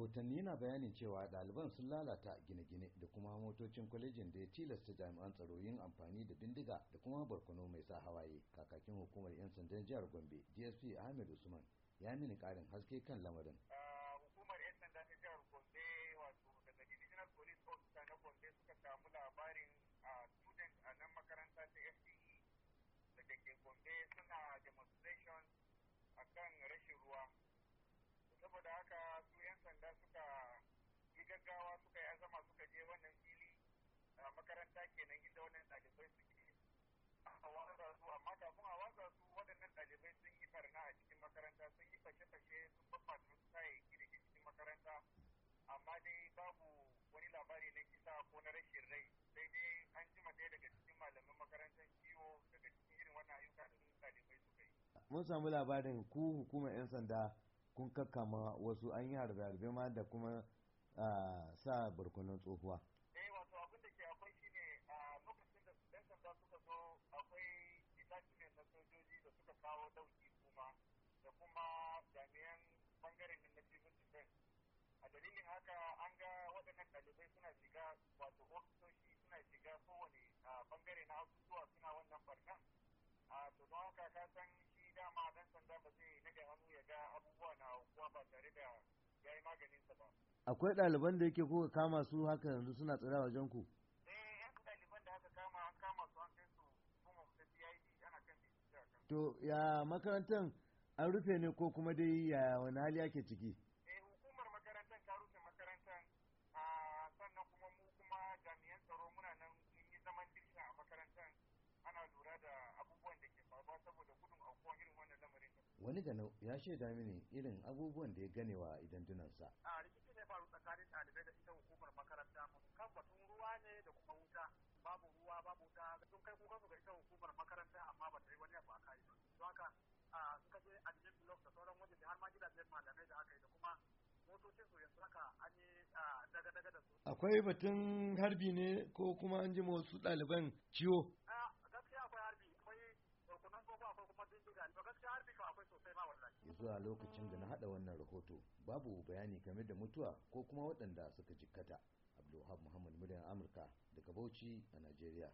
rahotanni na bayanin cewa ɗaliban sun lalata gine-gine da kuma motocin kwalejin da ya tilasta jami'an tsaro yin amfani da bindiga da kuma barkono mai sa hawaye kakakin hukumar 'yan sandan jihar gombe dsp ahmed usman ya mini ƙarin haske kan lamarin hukumar 'yan sanda ta jihar gombe wato daga divisional police officer na gombe suka samu labarin a student a nan makaranta ta fce gombe da wannan suke a su amma kafin a watsa su waɗannan ɗalibai sun yi barna a cikin makaranta sun yi fashe-fashe sun babbace wasu kayayyaki da cikin makaranta amma dai babu wani labari na kisa ko na rashin rai sai dai an jima ɗaya daga cikin malamin makarantar kiwo daga cikin irin wannan ayyuka da sun ɗalibai suka yi. mun samu labarin ku hukumar 'yan sanda kun kakkama wasu an yi harbe-harbe ma da kuma ah, sa barkonon tsohuwa. akwai ɗaliban da yake kuka kama su haka yanzu suna tsira wajen eh, ku to ya makarantar an rufe ne ko kuma dai ya wani hali ake ciki wani ganau ya shaida mini irin abubuwan da ya ganewa idan dunansa a rikici ne faru tsakanin ɗalibai da ita hukumar makaranta kan batun ruwa ne da kuma wuta babu ruwa babu wuta sun kai kukansu ga ita hukumar makaranta amma ba ta yi wani abu a kayi ba don haka suka je admin block da sauran wajen har ma gidajen malamai da aka yi da kuma motocin su yanzu haka an yi daga-daga da su akwai batun harbi ne ko kuma an ji wasu ɗaliban ciwo zuwa lokacin da na hada wannan rahoto babu bayani game da mutuwa ko kuma waɗanda suka jikkata abdulwahab muhammad muryar amurka daga bauchi a najeriya